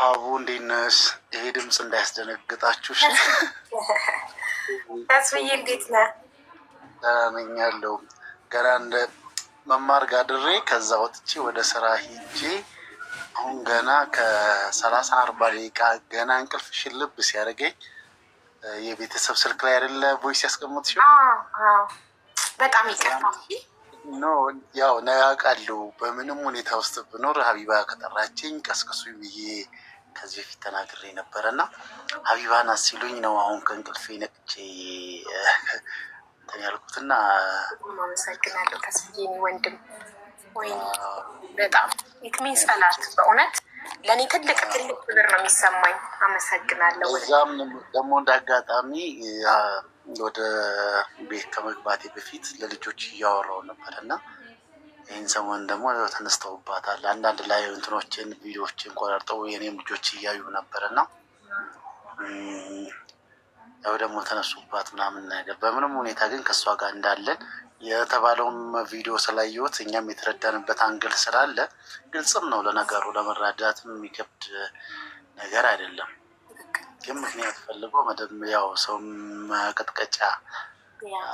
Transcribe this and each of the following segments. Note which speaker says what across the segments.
Speaker 1: ሀቡ እንዲነስ ይሄ ድምፅ እንዳያስደነግጣችሁ።
Speaker 2: ተስፍዬ እንዴት ነህ?
Speaker 1: ደህና ነኝ ያለው ገና እንደ መማር ጋድሬ ከዛ ወጥቼ ወደ ስራ ሂጄ አሁን ገና ከሰላሳ አርባ ደቂቃ ገና እንቅልፍ ሽልብ ሲያደርገኝ የቤተሰብ ስልክ ላይ አይደለ ቮይስ ያስቀምጥ
Speaker 2: ሲሆ በጣም ይቀርፋል።
Speaker 1: ኖ ያው ነቃቃለሁ። በምንም ሁኔታ ውስጥ ብኖር ሀቢባ ከጠራችኝ ቀስቅሱ ብዬ ከዚህ በፊት ተናግሬ ነበረ እና ሀቢባና ሲሉኝ ነው አሁን ከእንቅልፍ ነቅቼ እንትን ያልኩትና
Speaker 2: አመሰግናለሁ። ተስፍዬ ወንድም ወይ በጣም የትሜን ሰላት በእውነት ለእኔ ትልቅ ትልቅ ክብር ነው የሚሰማኝ። አመሰግናለሁ።
Speaker 1: እዛም ደግሞ እንደ አጋጣሚ ወደ ቤት ከመግባቴ በፊት ለልጆች እያወራው ነበር እና ይህን ሰሞን ደግሞ ተነስተውባታል። አንዳንድ ላይ እንትኖችን ቪዲዮዎችን ቆራርጠው የኔም ልጆች እያዩ ነበር እና ያው ደግሞ ተነሱባት ምናምን ነገር። በምንም ሁኔታ ግን ከእሷ ጋር እንዳለን የተባለውም ቪዲዮ ስላየሁት እኛም የተረዳንበት አንግል ስላለ ግልጽም ነው ለነገሩ፣ ለመረዳትም የሚከብድ ነገር አይደለም። ግን ምክንያት ፈልጎ ያው ሰው መቀጥቀጫ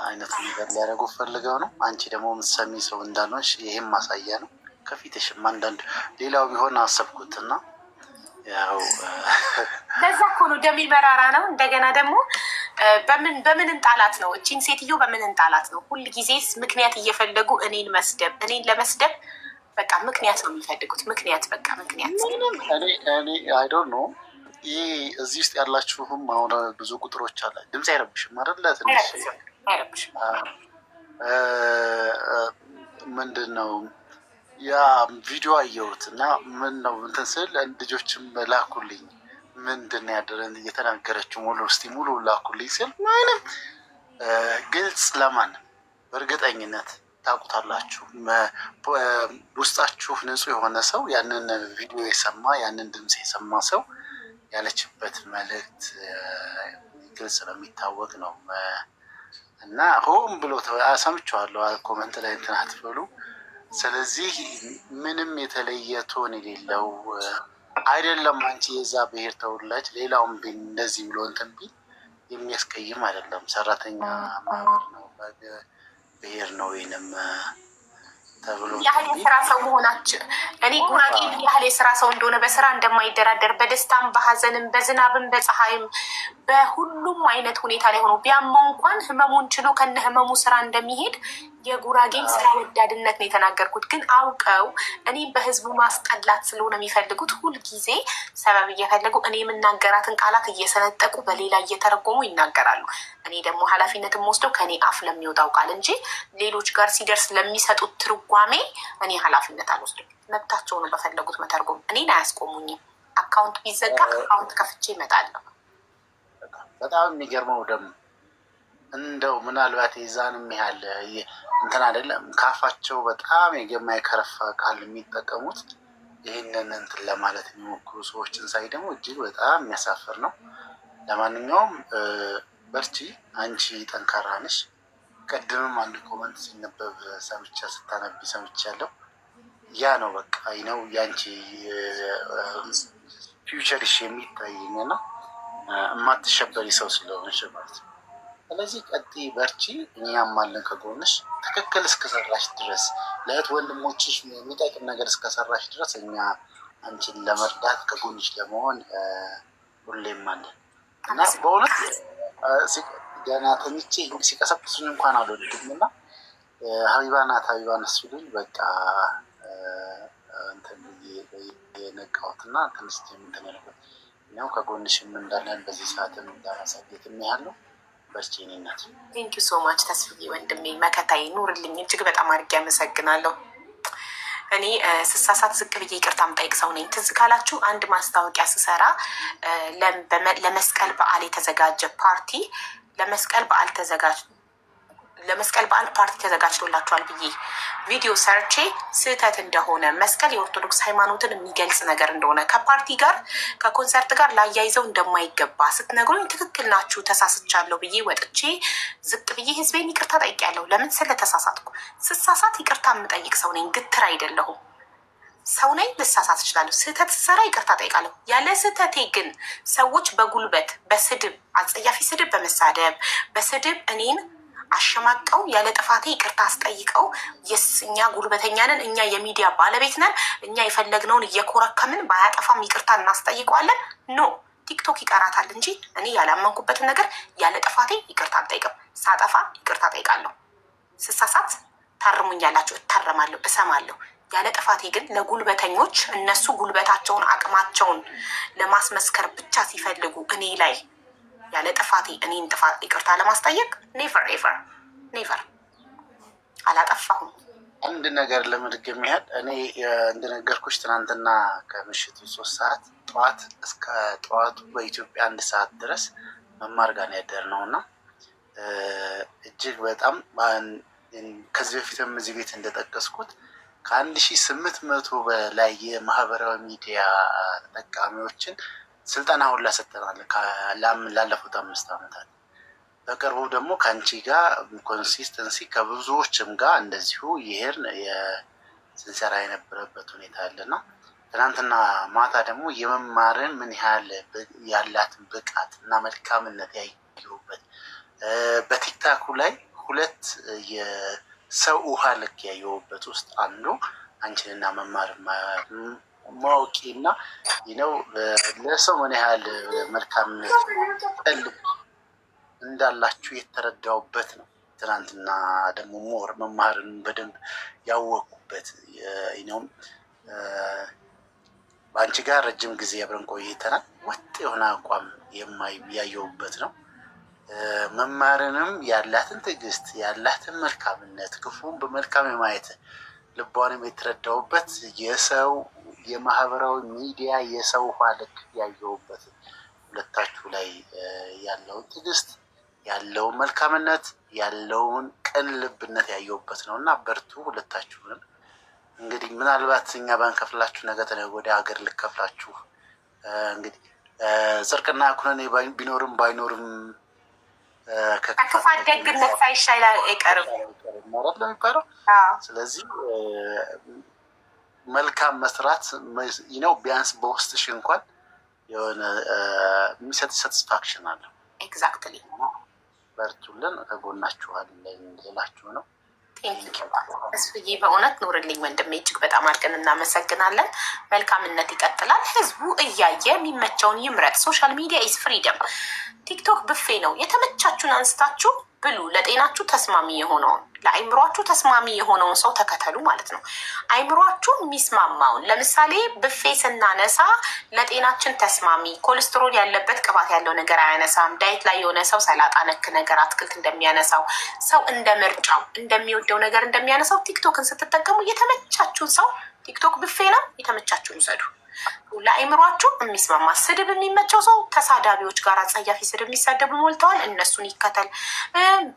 Speaker 1: አይነት ነገር ሊያደርጉ ፈልገው ነው። አንቺ ደግሞ የምትሰሚ ሰው እንዳልሆንሽ ይህም ማሳያ ነው። ከፊትሽም አንዳንድ ሌላው ቢሆን አሰብኩትና ያው
Speaker 2: በዛ እኮ ነው ደሜ መራራ ነው። እንደገና ደግሞ በምን በምን እንጣላት ነው? እቺን ሴትዮ በምን እንጣላት ነው? ሁል ጊዜስ ምክንያት እየፈለጉ እኔን መስደብ፣ እኔን ለመስደብ በቃ ምክንያት ነው የሚፈልጉት። ምክንያት በቃ
Speaker 1: ምክንያት አይዶ ነው። ይህ እዚህ ውስጥ ያላችሁም አሁን ብዙ ቁጥሮች አለ። ድምፅ አይረብሽም አይደለ? ትንሽ ምንድነው? ምንድን ነው ያ ቪዲዮ አየሁት እና ምን ነው እንትን ስል ልጆችም ላኩልኝ ምንድን ያደረ እየተናገረችው ሙሉ እስቲ ሙሉ ላኩልኝ ስል ምንም ግልጽ ለማንም በእርግጠኝነት ታውቁታላችሁ። ውስጣችሁ ንጹሕ የሆነ ሰው ያንን ቪዲዮ የሰማ ያንን ድምፅ የሰማ ሰው ያለችበት መልእክት ግልጽ ለሚታወቅ ነው። እና ሆም ብሎ ሰምቸዋለሁ ኮመንት ላይ እንትን አትበሉ። ስለዚህ ምንም የተለየ ቶን የሌለው አይደለም። አንቺ የዛ ብሄር ተወላጅ ሌላውም እንደዚህ ብሎ እንትን ቢል የሚያስቀይም አይደለም። ሰራተኛ ማህበር ነው ብሄር ነው ወይንም
Speaker 2: ተብሎ ያህል የስራ ሰው መሆናችን እኔ ጉራጌ ምን ያህል የስራ ሰው እንደሆነ በስራ እንደማይደራደር በደስታም በሀዘንም፣ በዝናብም በፀሐይም በሁሉም አይነት ሁኔታ ላይ ሆኖ ቢያማው እንኳን ህመሙን ችሎ ከነ ህመሙ ስራ እንደሚሄድ የጉራጌም ስራ ወዳድነት ነው የተናገርኩት። ግን አውቀው እኔም በህዝቡ ማስጠላት ስለሆነ የሚፈልጉት ሁልጊዜ ሰበብ እየፈለጉ እኔ የምናገራትን ቃላት እየሰነጠቁ በሌላ እየተረጎሙ ይናገራሉ። እኔ ደግሞ ኃላፊነትም ወስደው ከኔ አፍ ለሚወጣው ቃል እንጂ ሌሎች ጋር ሲደርስ ለሚሰጡት ትርጓሜ እኔ ኃላፊነት አልወስድም። ስሜታቸው ነው በፈለጉት መተርጎም። እኔን አያስቆሙኝም። አካውንት ቢዘጋ አካውንት ከፍቼ ይመጣለሁ።
Speaker 1: በጣም የሚገርመው ደግሞ እንደው ምናልባት የዛንም ያህል እንትን አይደለም ካፋቸው በጣም የገማ የከረፋ ቃል የሚጠቀሙት ይህንን እንትን ለማለት የሚሞክሩ ሰዎችን ሳይ ደግሞ እጅግ በጣም የሚያሳፍር ነው። ለማንኛውም በርቺ፣ አንቺ ጠንካራ ነሽ። ቅድምም አንድ ኮመንት ሲነበብ ሰምቻ ስታነቢ ሰምቻለሁ። ያ ነው በቃ ነው ያንቺ ፊውቸርሽ የሚታየኝ እና የማትሸበሪ ሰው ስለሆንሽ ማለት ነው። ስለዚህ ቀጥይ፣ በርቺ፣ እኛም አለን ከጎንሽ። ትክክል እስከሰራሽ ድረስ ለእህት ወንድሞችሽ የሚጠቅም ነገር እስከሰራሽ ድረስ እኛ አንቺን ለመርዳት ከጎንሽ ለመሆን ሁሌም አለን እና በእውነት ገና ተኝቼ ሲቀሰቅሱኝ እንኳን አልወድም እና ሀቢባ ናት ሀቢባ ናት ሲሉኝ በቃ እንትን የነቃሁት እና ትንስ የምንተመለበት እኛው ከጎንሽም እንዳለን በዚህ ሰዓት እንዳማሳየት የሚያለው በርቺኔ
Speaker 2: ናት። ቴንኪ ሶ ማች ተስፍዬ ወንድሜ መከታይ ኑርልኝ። እጅግ በጣም አድርጌ አመሰግናለሁ። እኔ ስሳሳት ዝቅ ብዬ ይቅርታ ምጠይቅ ሰው ነኝ። ትዝ ካላችሁ አንድ ማስታወቂያ ስሰራ ለመስቀል በዓል የተዘጋጀ ፓርቲ ለመስቀል በዓል ተዘጋጅ ለመስቀል በዓል ፓርቲ ተዘጋጅቶላቸዋል ብዬ ቪዲዮ ሰርቼ ስህተት እንደሆነ መስቀል የኦርቶዶክስ ሃይማኖትን የሚገልጽ ነገር እንደሆነ ከፓርቲ ጋር ከኮንሰርት ጋር ላያይዘው እንደማይገባ ስትነግሩኝ ትክክል ናችሁ፣ ተሳስቻለሁ ብዬ ወጥቼ ዝቅ ብዬ ህዝቤን ይቅርታ ጠይቄያለሁ። ለምን ስለተሳሳትኩ። ስሳሳት ይቅርታ የምጠይቅ ሰው ነኝ፣ ግትር አይደለሁም። ሰው ነኝ፣ ልሳሳት እችላለሁ። ስህተት ስሰራ ይቅርታ ጠይቃለሁ። ያለ ስህተቴ ግን ሰዎች በጉልበት በስድብ አጸያፊ ስድብ በመሳደብ በስድብ እኔን አሸማቀው ያለ ጥፋቴ ይቅርታ አስጠይቀው የስ እኛ ጉልበተኛ ነን፣ እኛ የሚዲያ ባለቤት ነን፣ እኛ የፈለግነውን እየኮረከምን ባያጠፋም ይቅርታ እናስጠይቀዋለን። ኖ ቲክቶክ ይቀራታል እንጂ እኔ ያላመንኩበትን ነገር ያለ ጥፋቴ ይቅርታ አልጠይቅም። ሳጠፋ ይቅርታ ጠይቃለሁ። ስሳሳት ታርሙኛላችሁ፣ እታረማለሁ፣ እሰማለሁ። ያለ ጥፋቴ ግን ለጉልበተኞች እነሱ ጉልበታቸውን አቅማቸውን ለማስመስከር ብቻ ሲፈልጉ እኔ ላይ ያለ ጥፋቴ እኔን ጥፋት ይቅርታ ለማስጠየቅ ኔቨር ኔቨር ኔቨር አላጠፋሁም።
Speaker 1: አንድ ነገር ለመድገም ያህል እኔ እንደነገርኩሽ ትናንትና ከምሽቱ ሶስት ሰዓት ጠዋት እስከ ጠዋቱ በኢትዮጵያ አንድ ሰዓት ድረስ መማር ጋር ያደር ነው እና እጅግ በጣም ከዚህ በፊትም እዚህ ቤት እንደጠቀስኩት ከአንድ ሺህ ስምንት መቶ በላይ የማህበራዊ ሚዲያ ተጠቃሚዎችን ስልጠና ሁላ ሰጠናል ላለፉት አምስት ዓመታት። በቅርቡ ደግሞ ከአንቺ ጋር ኮንሲስተንሲ ከብዙዎችም ጋር እንደዚሁ ይሄር ስንሰራ የነበረበት ሁኔታ ያለና ትናንትና ማታ ደግሞ የመማርን ምን ያህል ያላትን ብቃት እና መልካምነት ያየሁበት በቲክታኩ ላይ ሁለት የሰው ውሃ ልክ ያየሁበት ውስጥ አንዱ አንቺንና መማር ማወቂ እና ነው ለሰው ምን ያህል መልካም ቀልብ እንዳላችሁ የተረዳውበት ነው። ትናንትና ደግሞ ሞር መማርን በደንብ ያወቁበት ነውም። በአንቺ ጋር ረጅም ጊዜ አብረን ቆይተናል። ወጥ የሆነ አቋም የማያየውበት ነው። መማርንም ያላትን ትዕግስት፣ ያላትን መልካምነት፣ ክፉን በመልካም የማየት ልቧንም የተረዳውበት የሰው የማህበራዊ ሚዲያ የሰው ውሃ ልክ ያየሁበት ሁለታችሁ ላይ ያለውን ትዕግስት ያለውን መልካምነት ያለውን ቅን ልብነት ያየውበት ነው እና በርቱ ሁለታችሁንም። እንግዲህ ምናልባት እኛ ባንከፍላችሁ ነገ ተነገ ወዲያ ሀገር ልከፍላችሁ እንግዲህ ጽርቅና ኩነኔ ቢኖርም ባይኖርም
Speaker 2: ከክፋት ደግነት ሳይሻል አይቀርም
Speaker 1: የሚባለው ስለዚህ መልካም መስራት ነው። ቢያንስ በውስጥሽ እንኳን የሆነ የሚሰጥ ሳትስፋክሽን
Speaker 2: አለ። ኤግዛክትሊ
Speaker 1: በርቱልን፣ ከጎናችኋል
Speaker 2: ሌላችሁ ነው። ህዝብዬ በእውነት ኑርልኝ ወንድሜ፣ እጅግ በጣም አድርገን እናመሰግናለን። መልካምነት ይቀጥላል። ህዝቡ እያየ የሚመቸውን ይምረጥ። ሶሻል ሚዲያ ኢዝ ፍሪደም። ቲክቶክ ብፌ ነው። የተመቻችሁን አንስታችሁ ብሉ። ለጤናችሁ ተስማሚ የሆነውን ለአይምሯችሁ ተስማሚ የሆነውን ሰው ተከተሉ ማለት ነው። አይምሯችሁ የሚስማማውን ለምሳሌ ብፌ ስናነሳ ለጤናችን ተስማሚ ኮሌስትሮል ያለበት ቅባት ያለው ነገር አያነሳም። ዳይት ላይ የሆነ ሰው ሰላጣ ነክ ነገር አትክልት እንደሚያነሳው ሰው እንደ ምርጫው እንደሚወደው ነገር እንደሚያነሳው ቲክቶክን ስትጠቀሙ የተመቻችሁን ሰው ቲክቶክ ብፌ ነው የተመቻችሁን ውሰዱ። ለአይምሯችሁ የሚስማማ ስድብ የሚመቸው ሰው ተሳዳቢዎች ጋር አጸያፊ ስድብ የሚሳደቡ ሞልተዋል። እነሱን ይከተል።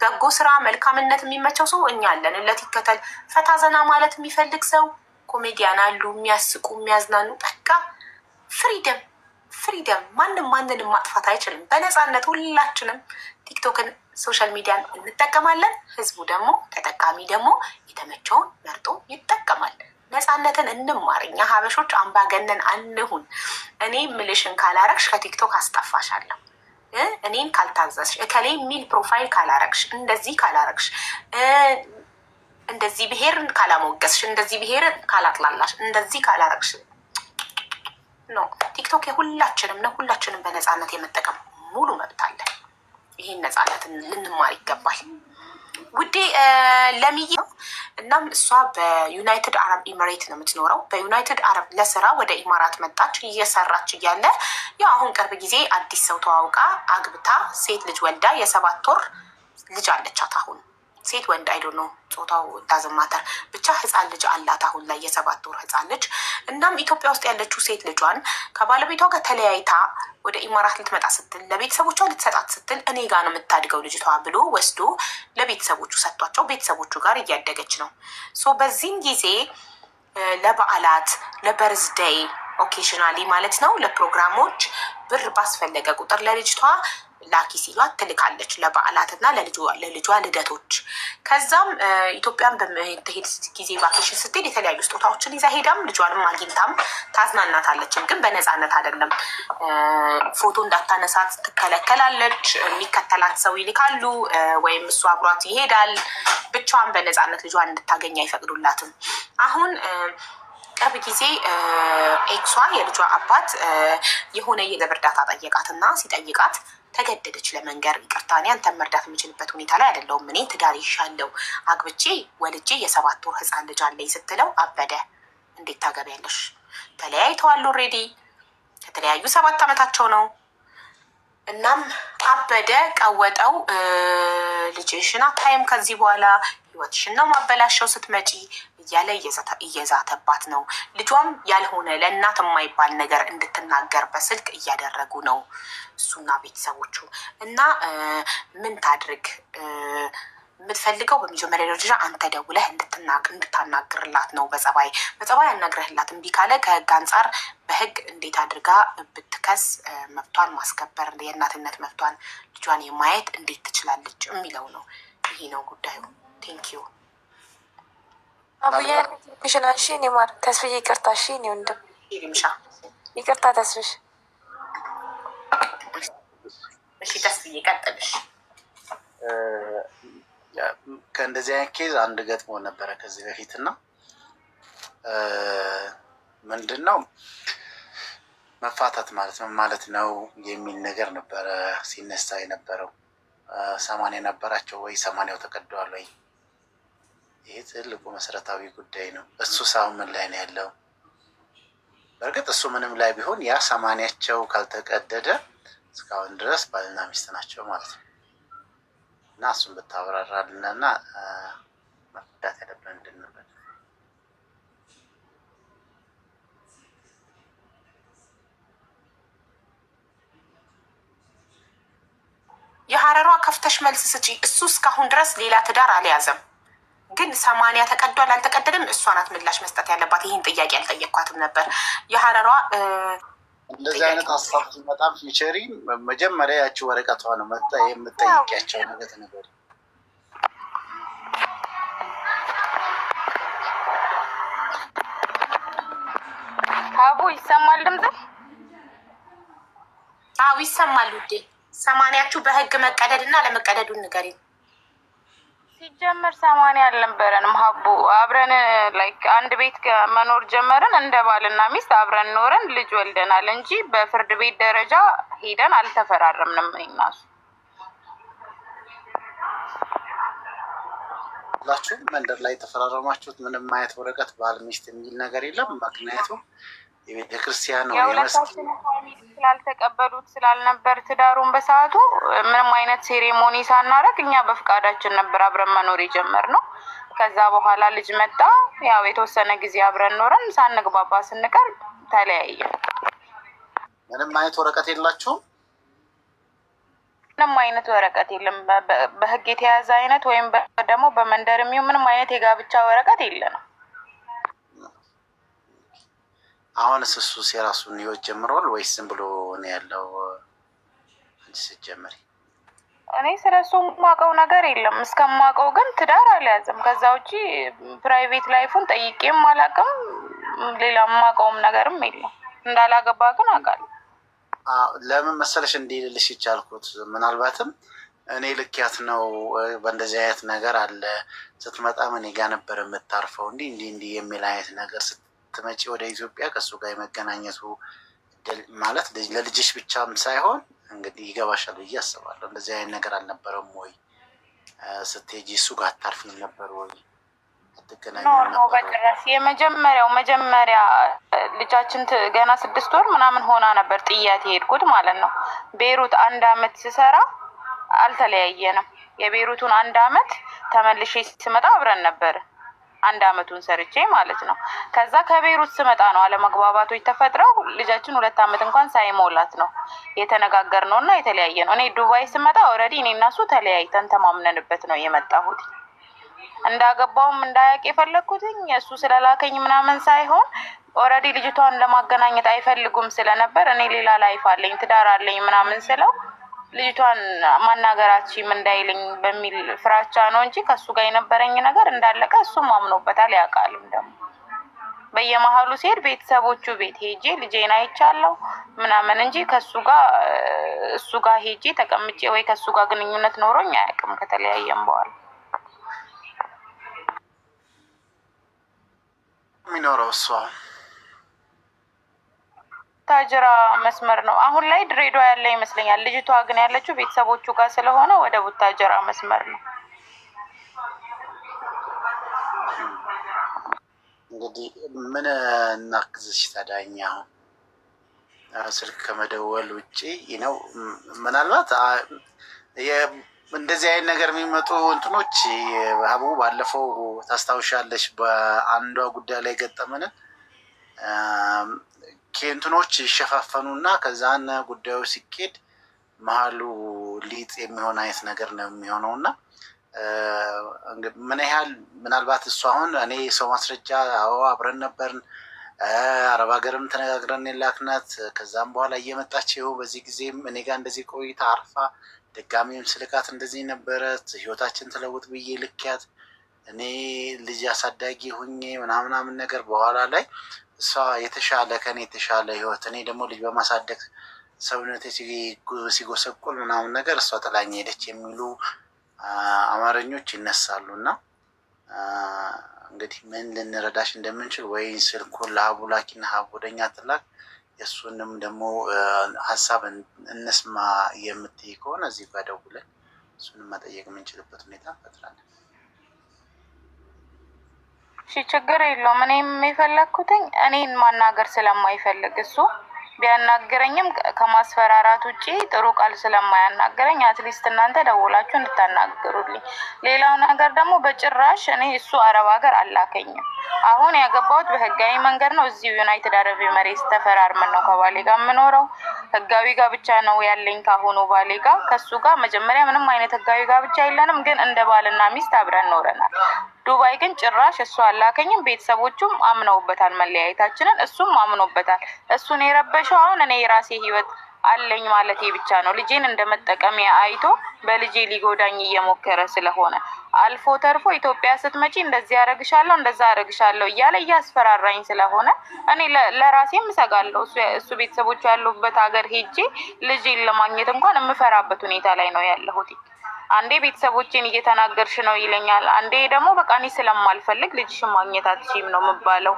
Speaker 2: በጎ ስራ፣ መልካምነት የሚመቸው ሰው እኛ እለት ይከተል። ፈታ ዘና ማለት የሚፈልግ ሰው ኮሜዲያን አሉ፣ የሚያስቁ የሚያዝናኑ። በቃ ፍሪደም ፍሪደም። ማንም ማንንም ማጥፋት አይችልም። በነፃነት ሁላችንም ቲክቶክን ሶሻል ሚዲያን እንጠቀማለን። ህዝቡ ደግሞ ተጠቃሚ ደግሞ የተመቸውን መርጦ ይጠቀማል። ነፃነትን እንማር። እኛ ሀበሾች አምባገነን አንሁን። እኔ ምልሽን ካላረግሽ ከቲክቶክ አስጠፋሻለሁ። እኔን ካልታዘዝሽ፣ እከሌ የሚል ፕሮፋይል ካላረግሽ፣ እንደዚህ ካላረግሽ፣ እንደዚህ ብሔርን ካላሞገስሽ፣ እንደዚህ ብሔርን ካላጥላላሽ፣ እንደዚህ ካላረግሽ እንደዚህ ብሔርን ካላሞገስሽ እንደዚህ ብሔርን ካላጥላላሽ እንደዚህ ካላረግሽ ኖ ቲክቶክ የሁላችንም ነው። ሁላችንም በነፃነት የመጠቀም ሙሉ መብት አለን። ይህን ነፃነትን ልንማር ይገባል። ውዴ ለሚዬ ነው። እናም እሷ በዩናይትድ አረብ ኤሚሬት ነው የምትኖረው። በዩናይትድ አረብ ለስራ ወደ ኢማራት መጣች። እየሰራች እያለ ያው አሁን ቅርብ ጊዜ አዲስ ሰው ተዋውቃ አግብታ ሴት ልጅ ወልዳ የሰባት ወር ልጅ አለቻት አሁን ሴት ወንድ አይዶ ነው ጾታው ዳዘማተር ብቻ ህፃን ልጅ አላት አሁን ላይ የሰባት ወር ህፃን ልጅ። እናም ኢትዮጵያ ውስጥ ያለችው ሴት ልጇን ከባለቤቷ ጋር ተለያይታ ወደ ኢማራት ልትመጣ ስትል ለቤተሰቦቿ ልትሰጣት ስትል እኔ ጋር ነው የምታድገው ልጅቷ ብሎ ወስዶ ለቤተሰቦቹ ሰጥቷቸው ቤተሰቦቹ ጋር እያደገች ነው። ሶ በዚህም ጊዜ ለበዓላት ለበርዝደይ ኦኬሽናሊ ማለት ነው ለፕሮግራሞች ብር ባስፈለገ ቁጥር ለልጅቷ ላኪ ሲሏት ትልካለች ለበዓላትና ለልጇ ልደቶች። ከዛም ኢትዮጵያን በምትሄድ ጊዜ ቫኬሽን ስትሄድ የተለያዩ ስጦታዎችን ይዛ ሄዳም ልጇንም አግኝታም ታዝናናታለችም። ግን በነፃነት አይደለም። ፎቶ እንዳታነሳት ትከለከላለች። የሚከተላት ሰው ይልካሉ፣ ወይም እሱ አብሯት ይሄዳል። ብቻዋን በነፃነት ልጇን እንድታገኝ አይፈቅዱላትም። አሁን ቅርብ ጊዜ ኤክሷ የልጇ አባት የሆነ የገንዘብ እርዳታ ጠየቃት እና ሲጠይቃት ተገደደች ለመንገር ይቅርታ፣ እኔ አንተን መርዳት የምችልበት ሁኔታ ላይ አይደለሁም፣ እኔ ትዳር ይሻለው አግብቼ ወልጄ የሰባት ወር ህፃን ልጅ አለኝ ስትለው አበደ። እንዴት ታገቢያለሽ? ተለያይተዋል። ኦልሬዲ ከተለያዩ ሰባት ዓመታቸው ነው። እናም አበደ፣ ቀወጠው። ልጅሽን አታይም ከዚህ በኋላ ህይወትሽን ነው ማበላሸው ስትመጪ እያለ እየዛተባት ነው። ልጇም ያልሆነ ለእናት የማይባል ነገር እንድትናገር በስልክ እያደረጉ ነው እሱና ቤተሰቦቹ እና ምን ታድርግ የምትፈልገው በመጀመሪያ ደረጃ አንተ ደውለህ እንድታናግርላት ነው። በጸባይ በጸባይ ያናግረህላት እምቢ ካለ ከህግ አንጻር በህግ እንዴት አድርጋ ብትከስ መብቷን ማስከበር የእናትነት መብቷን ልጇን የማየት እንዴት ትችላለች የሚለው ነው። ይሄ ነው ጉዳዩ። ቴንኪዩ አብያ ሽናሺ ኔማር ተስፍዬ ይቅርታ ሺ ኔ ወንድም ይቅርታ ተስፍሽ እሺ ተስፍዬ ቀጥልሽ
Speaker 1: ከእንደዚህ አይነት ኬዝ አንድ ገጥሞ ነበረ ከዚህ በፊት እና ምንድን ነው መፋታት ማለት ነው ማለት ነው የሚል ነገር ነበረ ሲነሳ የነበረው ሰማንያ ነበራቸው ወይ ሰማንያው ተቀደዋል ወይ ይሄ ትልቁ መሰረታዊ ጉዳይ ነው። እሱ አሁን ምን ላይ ነው ያለው? በእርግጥ እሱ ምንም ላይ ቢሆን ያ ሰማንያቸው ካልተቀደደ እስካሁን ድረስ ባልና ሚስት ናቸው ማለት ነው። እና እሱን ብታብራራልንና መርዳት ያለብን እንድንበት
Speaker 2: የሀረሯ ከፍተሽ መልስ ስጪ። እሱ እስካሁን ድረስ ሌላ ትዳር አልያዘም። ግን ሰማንያ ተቀዷል አልተቀደደም፣ እሷ ናት ምላሽ መስጠት ያለባት። ይህን ጥያቄ አልጠየኳትም ነበር። የሀረሯ
Speaker 1: እንደዚህ አይነት ሀሳብ ሲመጣ ፊቸሪ መጀመሪያ ያቺ ወረቀቷ ነው መጣ የምጠይቂያቸው ነገር ነገር
Speaker 2: አቡ ይሰማል ድምፅ? አዎ ይሰማል ውዴ። ሰማንያችሁ በህግ መቀደድ እና ለመቀደዱ ንገሪኝ
Speaker 3: ሲጀመር ሰማንያ አልነበረንም ሀቡ አብረን ላይክ አንድ ቤት መኖር ጀመርን። እንደ ባልና ሚስት አብረን ኖረን ልጅ ወልደናል እንጂ በፍርድ ቤት ደረጃ ሄደን አልተፈራረምንም። ይናሱ
Speaker 1: ላችሁ መንደር ላይ የተፈራረማችሁት ምንም አይነት ወረቀት ባል ሚስት የሚል ነገር የለም ምክንያቱም የቤተ ክርስቲያን ነው የሁለታችን
Speaker 3: ስላልተቀበሉት ስላልነበር ትዳሩን በሰዓቱ ምንም አይነት ሴሬሞኒ ሳናረግ እኛ በፍቃዳችን ነበር አብረን መኖር የጀመርነው። ከዛ በኋላ ልጅ መጣ። ያው የተወሰነ ጊዜ አብረን ኖረን ሳንግባባ ስንቀር ተለያየ።
Speaker 1: ምንም አይነት ወረቀት የላችሁም?
Speaker 3: ምንም አይነት ወረቀት የለም። በህግ የተያዘ አይነት ወይም ደግሞ በመንደር የሚሆን ምንም አይነት የጋብቻ ወረቀት የለ ነው
Speaker 1: አሁንስ እሱስ የራሱን ህይወት ጀምሯል ወይስ ዝም ብሎ ነው ያለው? አንቺ ስትጀምሪ
Speaker 3: እኔ ስለ እሱ የማውቀው ነገር የለም። እስከማውቀው ግን ትዳር አልያዘም። ከዛ ውጪ ፕራይቬት ላይፉን ጠይቄም አላውቅም። ሌላ የማውቀውም ነገርም የለም። እንዳላገባ ግን አውቃለሁ።
Speaker 1: ለምን መሰለሽ እንዲልልሽ ይቻልኩት ምናልባትም እኔ ልክያት ነው በእንደዚህ አይነት ነገር አለ ስትመጣ እኔ ጋ ነበር የምታርፈው እንዲህ እንዲህ እንዲህ የሚል አይነት ነገር ስትመጪ ወደ ኢትዮጵያ ከእሱ ጋር የመገናኘቱ ማለት ለልጅሽ ብቻም ሳይሆን እንግዲህ ይገባሻል ብዬ አስባለሁ። እንደዚህ አይነት ነገር አልነበረም ወይ? ስትሄጂ እሱ ጋር አታርፊም ነበር ወይ?
Speaker 3: በጭራሽ የመጀመሪያው መጀመሪያ ልጃችን ገና ስድስት ወር ምናምን ሆና ነበር ጥያት የሄድኩት ማለት ነው። ቤሩት አንድ አመት ስሰራ አልተለያየንም። የቤሩቱን አንድ አመት ተመልሼ ስመጣ አብረን ነበር። አንድ አመቱን ሰርቼ ማለት ነው። ከዛ ከቤሩት ስመጣ ነው አለመግባባቶች ተፈጥረው ልጃችን ሁለት አመት እንኳን ሳይሞላት ነው የተነጋገር ነው እና የተለያየ ነው። እኔ ዱባይ ስመጣ ኦልሬዲ እኔ እና እሱ ተለያይተን ተማምነንበት ነው የመጣሁት። እንዳገባውም እንዳያውቅ የፈለግኩትኝ እሱ ስለላከኝ ምናምን ሳይሆን ኦልሬዲ ልጅቷን ለማገናኘት አይፈልጉም ስለነበር እኔ ሌላ ላይፍ አለኝ ትዳር አለኝ ምናምን ስለው ልጅቷን ማናገራችም እንዳይልኝ በሚል ፍራቻ ነው እንጂ ከእሱ ጋር የነበረኝ ነገር እንዳለቀ እሱም አምኖበታል። ያውቃልም ደግሞ በየመሀሉ ሲሄድ ቤተሰቦቹ ቤት ሄጄ ልጄን አይቻለሁ ምናምን እንጂ ከሱ ጋር እሱ ጋር ሄጄ ተቀምጬ ወይ ከሱ ጋር ግንኙነት ኖሮኝ አያውቅም ከተለያየም በኋላ የሚኖረው እሷ ታጅራ መስመር ነው። አሁን ላይ ድሬዳዋ ያለ ይመስለኛል። ልጅቷ ግን ያለችው ቤተሰቦቹ ጋር ስለሆነ ወደ ቡታጅራ መስመር ነው።
Speaker 1: እንግዲህ ምን እናግዝሽ ታዳኛ? ስልክ ከመደወል ውጭ ነው። ምናልባት እንደዚህ አይነት ነገር የሚመጡ እንትኖች ሀቡ ባለፈው ታስታውሻለሽ፣ በአንዷ ጉዳይ ላይ ገጠመንን ኬንትኖች ይሸፋፈኑና ከዛን ጉዳዩ ሲኬድ መሀሉ ሊጥ የሚሆን አይነት ነገር ነው የሚሆነው እና ምን ያህል ምናልባት እሱ አሁን እኔ ሰው ማስረጃ አዎ አብረን ነበርን አረብ ሀገርም ተነጋግረን የላክናት ከዛም በኋላ እየመጣች ይኸው በዚህ ጊዜም እኔ ጋር እንደዚህ ቆይታ አርፋ ድጋሚም ስልካት እንደዚህ ነበረት ህይወታችን ትለውጥ ብዬ ልክያት እኔ ልጅ አሳዳጊ ሁኜ ምናምናምን ነገር በኋላ ላይ እሷ የተሻለ ከኔ የተሻለ ህይወት እኔ ደግሞ ልጅ በማሳደግ ሰውነቴ ሲጎሰቁል ምናምን ነገር እሷ ጥላኝ ሄደች የሚሉ አማርኞች ይነሳሉ እና እንግዲህ ምን ልንረዳሽ እንደምንችል ወይ ስልኩን ለሀቡ ላኪና ሀቡ ወደኛ ትላክ የእሱንም ደግሞ ሀሳብ እንስማ የምትይ ከሆነ እዚህ ጋር ደውለን እሱንም መጠየቅ የምንችልበት ሁኔታ ፈጥራለን።
Speaker 3: እሺ ችግር የለውም። እኔ የፈለግኩትኝ እኔን ማናገር ስለማይፈልግ እሱ ቢያናግረኝም ከማስፈራራት ውጭ ጥሩ ቃል ስለማያናግረኝ አትሊስት እናንተ ደውላችሁ እንድታናግሩልኝ። ሌላው ነገር ደግሞ በጭራሽ እኔ እሱ አረብ ሀገር አላከኝም። አሁን ያገባሁት በህጋዊ መንገድ ነው። እዚሁ ዩናይትድ አረብ ኤምሬትስ ተፈራርመን ነው ከባሌ ጋር የምኖረው። ህጋዊ ጋብቻ ነው ያለኝ ካሁኑ ባሌ ጋር። ከሱ ጋር መጀመሪያ ምንም አይነት ህጋዊ ጋብቻ የለንም፣ ግን እንደ ባልና ሚስት አብረን ኖረናል። ዱባይ ግን ጭራሽ እሱ አላከኝም። ቤተሰቦቹም አምነውበታል መለያየታችንን፣ እሱም አምኖበታል። እሱን የረበሸው አሁን እኔ የራሴ ህይወት አለኝ ማለቴ ብቻ ነው። ልጄን እንደ መጠቀሚያ አይቶ በልጄ ሊጎዳኝ እየሞከረ ስለሆነ አልፎ ተርፎ ኢትዮጵያ ስትመጪ እንደዚህ ያደረግሻለሁ እንደዛ ያደረግሻለሁ እያለ እያስፈራራኝ ስለሆነ እኔ ለራሴም እሰጋለሁ። እሱ ቤተሰቦች ያሉበት ሀገር ሄጄ ልጄን ለማግኘት እንኳን የምፈራበት ሁኔታ ላይ ነው ያለሁት። አንዴ ቤተሰቦቼን እየተናገርሽ ነው ይለኛል፣ አንዴ ደግሞ በቃ እኔ ስለማልፈልግ ልጅሽን ማግኘት አትችም ነው የምባለው።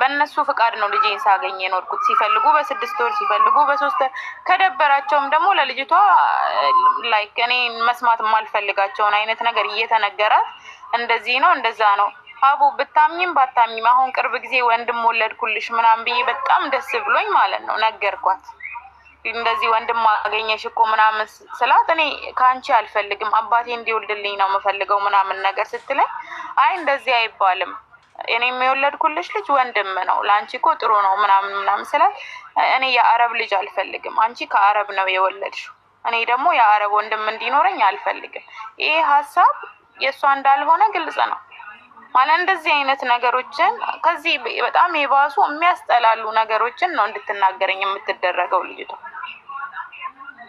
Speaker 3: በእነሱ ፍቃድ ነው ልጄን ሳገኘ የኖርኩት። ሲፈልጉ በስድስት ወር ሲፈልጉ በሶስት ከደበራቸውም ደግሞ ለልጅቷ ላይክ እኔ መስማት የማልፈልጋቸውን አይነት ነገር እየተነገራት እንደዚህ ነው እንደዛ ነው አቡ ብታምኝም ባታምኝም አሁን ቅርብ ጊዜ ወንድም ወለድኩልሽ ምናምን ብዬ በጣም ደስ ብሎኝ ማለት ነው ነገርኳት። እንደዚህ ወንድም አገኘሽ እኮ ምናምን ስላት እኔ ከአንቺ አልፈልግም አባቴ እንዲወልድልኝ ነው የምፈልገው ምናምን ነገር ስትለኝ፣ አይ እንደዚህ አይባልም እኔ የሚወለድኩልሽ ልጅ ወንድም ነው ለአንቺ እኮ ጥሩ ነው ምናምን ምናምን ስላት፣ እኔ የአረብ ልጅ አልፈልግም አንቺ ከአረብ ነው የወለድሽው እኔ ደግሞ የአረብ ወንድም እንዲኖረኝ አልፈልግም። ይሄ ሀሳብ የእሷ እንዳልሆነ ግልጽ ነው። ማለት እንደዚህ አይነት ነገሮችን ከዚህ በጣም የባሱ የሚያስጠላሉ ነገሮችን ነው እንድትናገረኝ የምትደረገው ልጅቷ።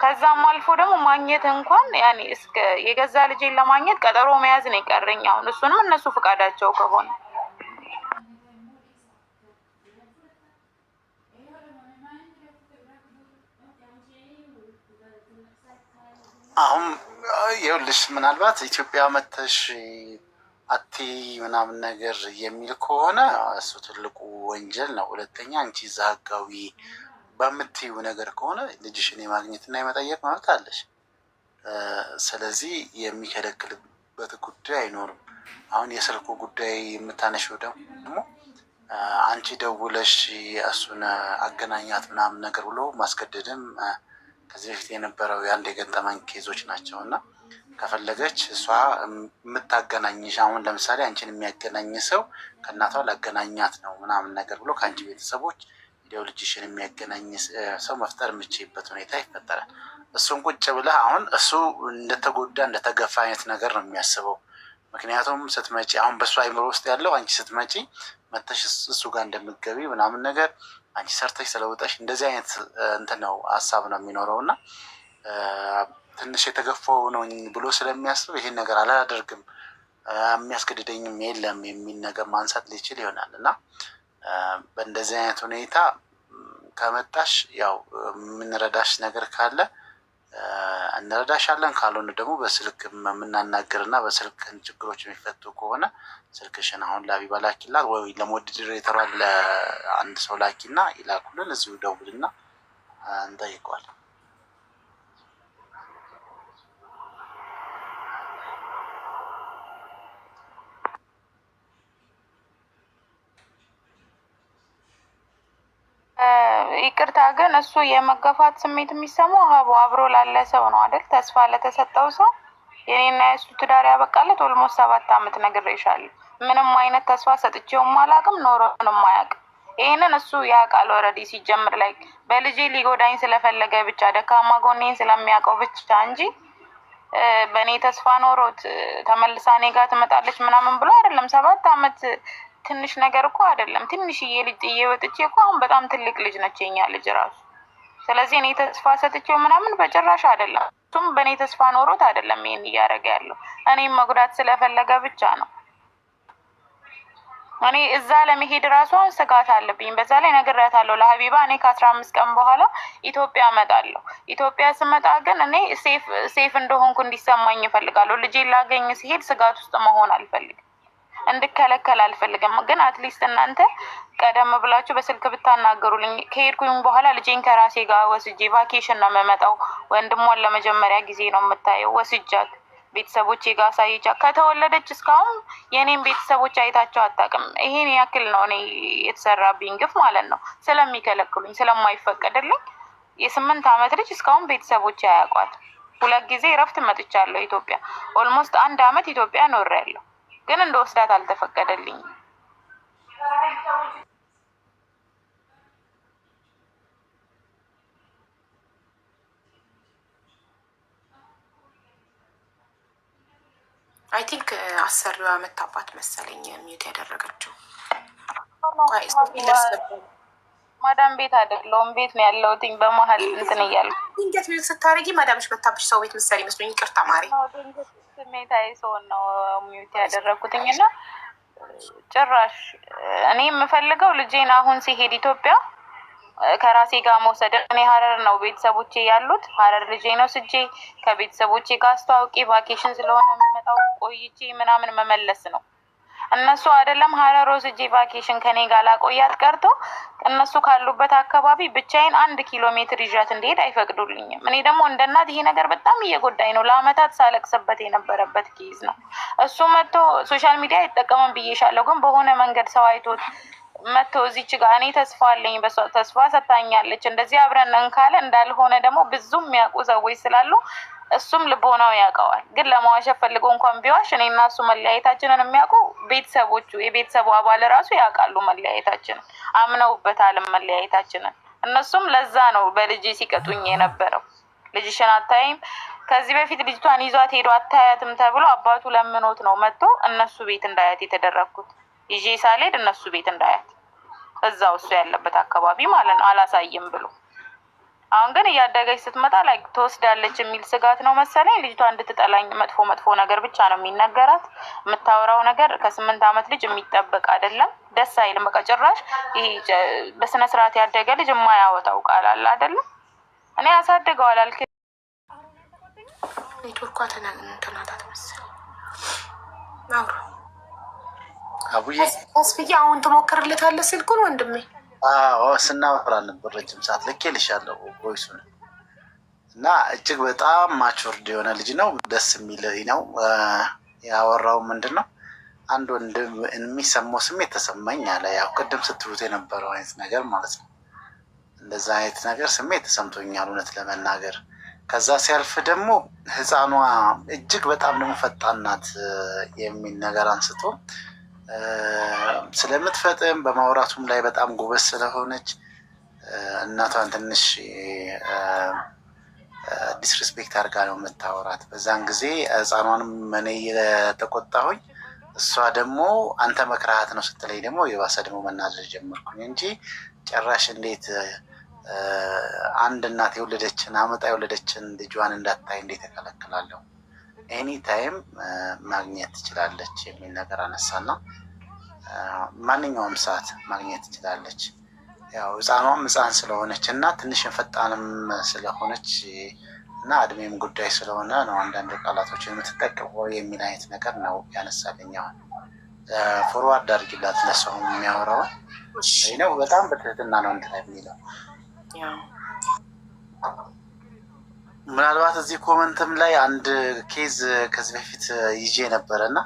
Speaker 3: ከዛም አልፎ ደግሞ ማግኘት እንኳን ያኔ እስከ የገዛ ልጄን ለማግኘት ቀጠሮ መያዝ ነው የቀረኝ። አሁን እሱንም እነሱ ፈቃዳቸው ከሆነ
Speaker 1: አሁን ይኸውልሽ ምናልባት ኢትዮጵያ መተሽ አቲ ምናምን ነገር የሚል ከሆነ እሱ ትልቁ ወንጀል ነው። ሁለተኛ አንቺ እዛ ህጋዊ በምትይው ነገር ከሆነ ልጅሽን የማግኘትና የመጠየቅ መብት አለሽ። ስለዚህ የሚከለክልበት ጉዳይ አይኖርም። አሁን የስልኩ ጉዳይ የምታነሽው ደግሞ አንቺ ደውለሽ እሱን አገናኛት ምናምን ነገር ብሎ ማስገደድም ከዚህ በፊት የነበረው የአንድ የገጠመን ኬዞች ናቸው እና ከፈለገች እሷ የምታገናኝሽ አሁን ለምሳሌ አንቺን የሚያገናኝ ሰው ከእናቷ ላገናኛት ነው ምናምን ነገር ብሎ ከአንቺ ቤተሰቦች እንዲያው ልጅሽን የሚያገናኝ ሰው መፍጠር የምችይበት ሁኔታ ይፈጠራል። እሱን ቁጭ ብለህ አሁን እሱ እንደተጎዳ እንደተገፋ አይነት ነገር ነው የሚያስበው። ምክንያቱም ስትመጪ አሁን በእሱ አይምሮ ውስጥ ያለው አንቺ ስትመጪ መተሽ እሱ ጋር እንደምገቢ ምናምን ነገር አንቺ ሰርተሽ ስለውጠሽ እንደዚህ አይነት እንትን ነው ሀሳብ ነው የሚኖረው እና ትንሽ የተገፋው ነው ብሎ ስለሚያስብ ይሄን ነገር አላደርግም የሚያስገድደኝም የለም የሚል ነገር ማንሳት ሊችል ይሆናል እና በእንደዚህ አይነት ሁኔታ ከመጣሽ ያው የምንረዳሽ ነገር ካለ እንረዳሻለን፣ ካልሆነ ደግሞ በስልክ የምናናገር እና በስልክን ችግሮች የሚፈቱ ከሆነ ስልክሽን አሁን ለአቢባ ላኪላት ወይ ለሞድድር የተባለ አንድ ሰው ላኪና ይላኩልን፣ እዚሁ ደውልና እንጠይቀዋለን።
Speaker 3: ይቅርታ ግን እሱ የመገፋት ስሜት የሚሰማው ሀቦ አብሮ ላለ ሰው ነው አይደል? ተስፋ ለተሰጠው ሰው የኔና የእሱ ትዳር ያበቃለት ኦልሞስት ሰባት አመት ነግሬሻለሁ። ምንም አይነት ተስፋ ሰጥቼውም አላውቅም ኖሮንም አያውቅም። ይህንን እሱ ያውቃል። ኦልሬዲ ሲጀምር ላይ በልጄ ሊጎዳኝ ስለፈለገ ብቻ ደካማ ጎኔን ስለሚያውቀው ብቻ እንጂ በእኔ ተስፋ ኖሮት ተመልሳ እኔ ጋር ትመጣለች ምናምን ብሎ አይደለም። ሰባት አመት ትንሽ ነገር እኮ አይደለም። ትንሽዬ ልጅ ጥዬ ወጥቼ እኮ አሁን በጣም ትልቅ ልጅ ነች የኛ ልጅ ራሱ። ስለዚህ እኔ ተስፋ ሰጥቼው ምናምን በጭራሽ አይደለም። እሱም በእኔ ተስፋ ኖሮት አይደለም ይሄን እያደረገ ያለው እኔም መጉዳት ስለፈለገ ብቻ ነው። እኔ እዛ ለመሄድ አሁን ስጋት አለብኝ። በዛ ላይ ነግሬያታለሁ ለሀቢባ እኔ ከአስራ አምስት ቀን በኋላ ኢትዮጵያ እመጣለሁ። ኢትዮጵያ ስመጣ ግን እኔ ሴፍ እንደሆንኩ እንዲሰማኝ ይፈልጋለሁ ልጄ ላገኝ ሲሄድ ስጋት ውስጥ መሆን አልፈልግም። እንድከለከል አልፈልግም። ግን አትሊስት እናንተ ቀደም ብላችሁ በስልክ ብታናገሩልኝ ከሄድኩኝ በኋላ ልጄን ከራሴ ጋር ወስጄ ቫኬሽን ነው የምመጣው። ወንድሟን ለመጀመሪያ ጊዜ ነው የምታየው። ወስጃት ቤተሰቦቼ ጋር ከተወለደች እስካሁን የእኔም ቤተሰቦች አይታቸው አታውቅም። ይሄን ያክል ነው እኔ የተሰራብኝ ግፍ ማለት ነው። ስለሚከለክሉኝ ስለማይፈቀድልኝ የስምንት ዓመት ልጅ እስካሁን ቤተሰቦች አያውቋት። ሁለት ጊዜ እረፍት መጥቻለሁ ኢትዮጵያ። ኦልሞስት አንድ ዓመት ኢትዮጵያ ኖሬያለሁ። ግን እንደ ወስዳት አልተፈቀደልኝም።
Speaker 2: አይ ቲንክ uh, አሰሪዋ መታባት መሰለኝ ሚዩት ያደረገችው።
Speaker 3: ማዳም ቤት አይደለሁም ቤት ነው ያለሁትኝ። በመሀል እንትን እያልኩ
Speaker 2: ድንገት ሚውት ስታደርጊ ማዳምሽ መታብሽ ሰው ቤት መሰለኝ መስሎኝ። ይቅርታ ማሪ
Speaker 3: ስሜታዊ ሰውን ነው ሚዩት ያደረግኩትኝ እና ጭራሽ እኔ የምፈልገው ልጄን አሁን ሲሄድ ኢትዮጵያ ከራሴ ጋር መውሰድ። እኔ ሀረር ነው ቤተሰቦቼ ያሉት፣ ሀረር ልጄ ነው ስጄ ከቤተሰቦቼ ጋር አስተዋውቂ ቫኬሽን ስለሆነ የምመጣው ቆይቼ ምናምን መመለስ ነው እነሱ አይደለም ሀረሮዝ እጄ ቫኬሽን ከኔ ጋር ላቆያት ቀርቶ እነሱ ካሉበት አካባቢ ብቻዬን አንድ ኪሎ ሜትር ይዣት እንዲሄድ አይፈቅዱልኝም። እኔ ደግሞ እንደ እናት ይሄ ነገር በጣም እየጎዳኝ ነው። ለአመታት ሳለቅስበት የነበረበት ኬዝ ነው። እሱ መጥቶ ሶሻል ሚዲያ አይጠቀምም ብዬሻለሁ፣ ግን በሆነ መንገድ ሰው አይቶት መጥቶ እዚች ጋር እኔ ተስፋ አለኝ ተስፋ ሰታኛለች እንደዚህ አብረን እንካለ እንዳልሆነ ደግሞ ብዙ የሚያውቁ ሰዎች ስላሉ እሱም ልቦናው ያውቀዋል። ግን ለመዋሸት ፈልጎ እንኳን ቢዋሽ እኔ እና እሱ መለያየታችንን የሚያውቁ ቤተሰቦቹ የቤተሰቡ አባል ራሱ ያውቃሉ መለያየታችንን፣ አምነውበታልም መለያየታችንን። እነሱም ለዛ ነው በልጅ ሲቀጡኝ የነበረው ልጅሽን አታይም ከዚህ በፊት ልጅቷን ይዟት ሄዶ አታያትም ተብሎ አባቱ ለምኖት ነው መጥቶ እነሱ ቤት እንዳያት የተደረግኩት። ይዤ ሳልሄድ እነሱ ቤት እንዳያት እዛው እሱ ያለበት አካባቢ ማለት ነው አላሳይም ብሎ አሁን ግን እያደገች ስትመጣ ላይ ትወስዳለች የሚል ስጋት ነው መሰለኝ። ልጅቷ እንድትጠላኝ መጥፎ መጥፎ ነገር ብቻ ነው የሚነገራት። የምታወራው ነገር ከስምንት ዓመት ልጅ የሚጠበቅ አይደለም። ደስ አይልም። በቃ ጭራሽ ይሄ በስነ ስርዓት ያደገ ልጅ የማያወጣው ቃል አለ አይደለም። እኔ ያሳድገዋል አልክ።
Speaker 2: ኔትወርኳ ተናግንትናታት መሰለኝ አብሮ አሁን ትሞክርለታለህ ስልኩን ወንድሜ
Speaker 1: ስናወራ ነበር ረጅም ሰዓት ልክ ልሻለሁ ቦይሱን እና እጅግ በጣም ማቾርድ የሆነ ልጅ ነው። ደስ የሚል ነው። ያወራው ምንድን ነው አንድ ወንድም የሚሰማው ስሜት ተሰማኝ አለ። ያው ቅድም ስትሉት የነበረው አይነት ነገር ማለት ነው። እንደዛ አይነት ነገር ስሜት ተሰምቶኛል እውነት ለመናገር ከዛ ሲያልፍ ደግሞ ህፃኗ እጅግ በጣም ደግሞ ፈጣን ናት የሚል ነገር አንስቶ ስለምትፈጥም በማውራቱም ላይ በጣም ጎበዝ ስለሆነች እናቷን ትንሽ ዲስሪስፔክት አድርጋ ነው የምታወራት። በዛን ጊዜ ህፃኗንም መኔ እየተቆጣሁኝ እሷ ደግሞ አንተ መክረሃት ነው ስትለኝ ደግሞ የባሰ ደግሞ መናዘር ጀመርኩኝ እንጂ ጭራሽ እንዴት አንድ እናት የወለደችን አመጣ የወለደችን ልጇን እንዳታይ እንዴት ተከለክላለሁ? ኤኒ ታይም uh, ማግኘት ትችላለች የሚል ነገር አነሳና uh, ማንኛውም ሰዓት ማግኘት ትችላለች። ያው ህፃኗም ህፃን ስለሆነች እና ትንሽን ፈጣንም ስለሆነች እና እድሜም ጉዳይ ስለሆነ ነው አንዳንድ ቃላቶች የምትጠቀመው የሚል አይነት ነገር ነው ያነሳልኛዋል። ፎርዋርድ uh, አድርጊላት ለሰው የሚያወራውን ነው። በጣም በትህትና ነው እንትን የሚለው ምናልባት እዚህ ኮመንትም ላይ አንድ ኬዝ ከዚህ በፊት ይዤ ነበረ እና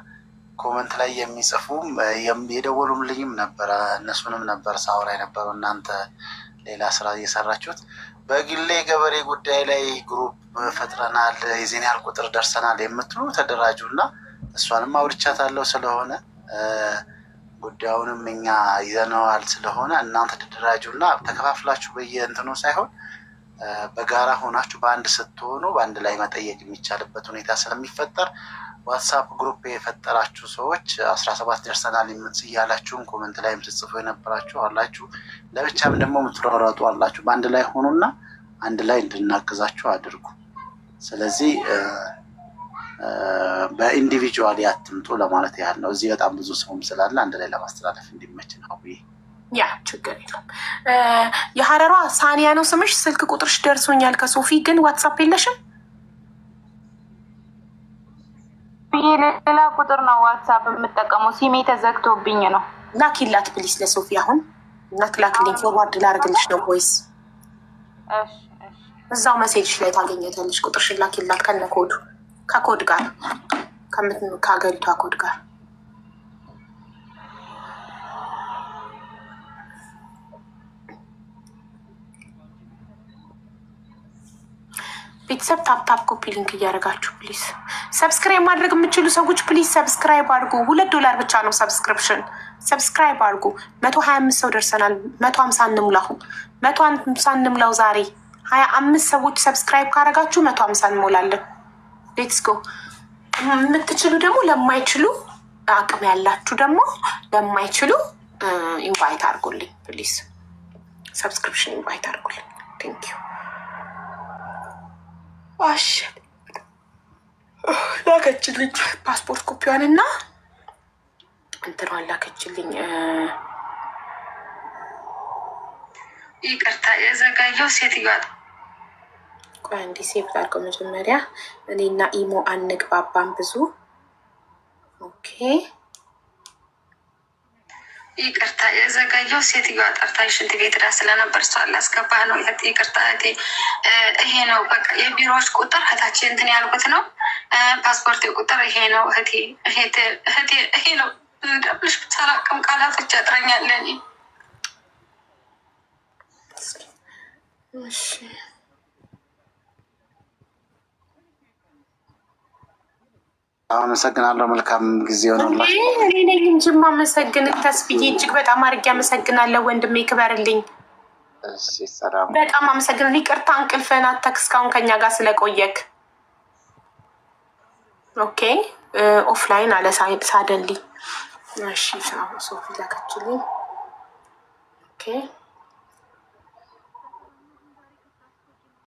Speaker 1: ኮመንት ላይ የሚጽፉም የደወሉልኝም ነበረ እነሱንም ነበር ሳወራ የነበረው እናንተ ሌላ ስራ እየሰራችሁት በግሌ ገበሬ ጉዳይ ላይ ግሩፕ ፈጥረናል፣ የዚህን ያህል ቁጥር ደርሰናል የምትሉ ተደራጁ እና እሷንም አውርቻታለሁ ስለሆነ ጉዳዩንም እኛ ይዘነዋል ስለሆነ እናንተ ተደራጁ እና ተከፋፍላችሁ በየእንትኑ ሳይሆን በጋራ ሆናችሁ በአንድ ስትሆኑ በአንድ ላይ መጠየቅ የሚቻልበት ሁኔታ ስለሚፈጠር ዋትሳፕ ግሩፕ የፈጠራችሁ ሰዎች አስራ ሰባት ደርሰናል እያላችሁም ኮመንት ላይም ስትጽፉ የነበራችሁ አላችሁ። ለብቻም ደግሞ የምትሯሯጡ አላችሁ። በአንድ ላይ ሆኑና አንድ ላይ እንድናግዛችሁ አድርጉ። ስለዚህ በኢንዲቪጁዋል ያትምጡ ለማለት ያህል ነው። እዚህ በጣም ብዙ ሰውም ስላለ አንድ ላይ ለማስተላለፍ እንዲመች ነው።
Speaker 2: ያ ችግር የለም። የሀረሯ ሳኒያ ነው ስምሽ። ስልክ ቁጥርሽ ደርሶኛል ከሶፊ ግን ዋትሳፕ የለሽም?
Speaker 3: ሌላ ቁጥር ነው ዋትሳፕ የምጠቀመው። ሲሜ ተዘግቶብኝ ነው።
Speaker 2: ላኪላት ፕሊስ ለሶፊ አሁን እናት ላክልኝ። ፎርዋርድ ላደርግልሽ ነው ወይስ እዛው መሴጅሽ ላይ ታገኘታለሽ። ቁጥርሽን ላኪላት ከነ ኮዱ ከኮድ ጋር ከሀገሪቷ ኮድ ጋር ቤተሰብ ታፕታፕ ኮፒ ሊንክ እያደረጋችሁ ፕሊዝ ሰብስክራይብ ማድረግ የምችሉ ሰዎች ፕሊዝ ሰብስክራይብ አድርጉ። ሁለት ዶላር ብቻ ነው ሰብስክሪፕሽን። ሰብስክራይብ አድርጉ። መቶ ሀያ አምስት ሰው ደርሰናል። መቶ ሀምሳ እንሙላሁ። መቶ ሀምሳ እንሙላው ዛሬ ሀያ አምስት ሰዎች ሰብስክራይብ ካረጋችሁ መቶ ሀምሳ እንሞላለን። ሌትስ ጎ። የምትችሉ ደግሞ ለማይችሉ አቅም ያላችሁ ደግሞ ለማይችሉ ኢንቫይት አድርጉልኝ ፕሊዝ። ሰብስክሪፕሽን ኢንቫይት አድርጉልኝ። ቴንክ ዩ ዋሽ ላከችልኝ ፓስፖርት ኮፒዋን እና እንትኗን ላከችልኝ። ይቅርታ የዘጋየው ሴትዮዋ ቆይ እንዲህ ሴቭ አድርገው መጀመሪያ እኔና ኢሞ አንግባባን ብዙ ኦኬ ይቅርታ የዘገየው ሴትዮዋ ጠርታኝ ሽንት ቤት ዳ ስለነበር እሷ ላስገባ ነው። ይቅርታ እህቴ፣ ይሄ ነው በቃ የቢሮዎች ቁጥር እህታች እንትን ያልኩት ነው። ፓስፖርት ቁጥር ይሄ ነው እህቴ፣ ይሄ ነው ደብልሽ ብታላቅም ቃላቶች ያጥረኛለን። እሺ አመሰግናለሁ። መልካም ጊዜ ሆነ። እኔ ነኝ እንጂ የማመሰግንህ ተስፍዬ፣ እጅግ በጣም አድርጌ አመሰግናለሁ ወንድሜ፣ ክበርልኝ። በጣም አመሰግን። ይቅርታ እንቅልፍህን አተህ እስካሁን ከኛ ጋር ስለቆየክ። ኦኬ ኦፍላይን አለ ሳደንልኝ። እሺ ሶፊ ላከችልኝ። ኦኬ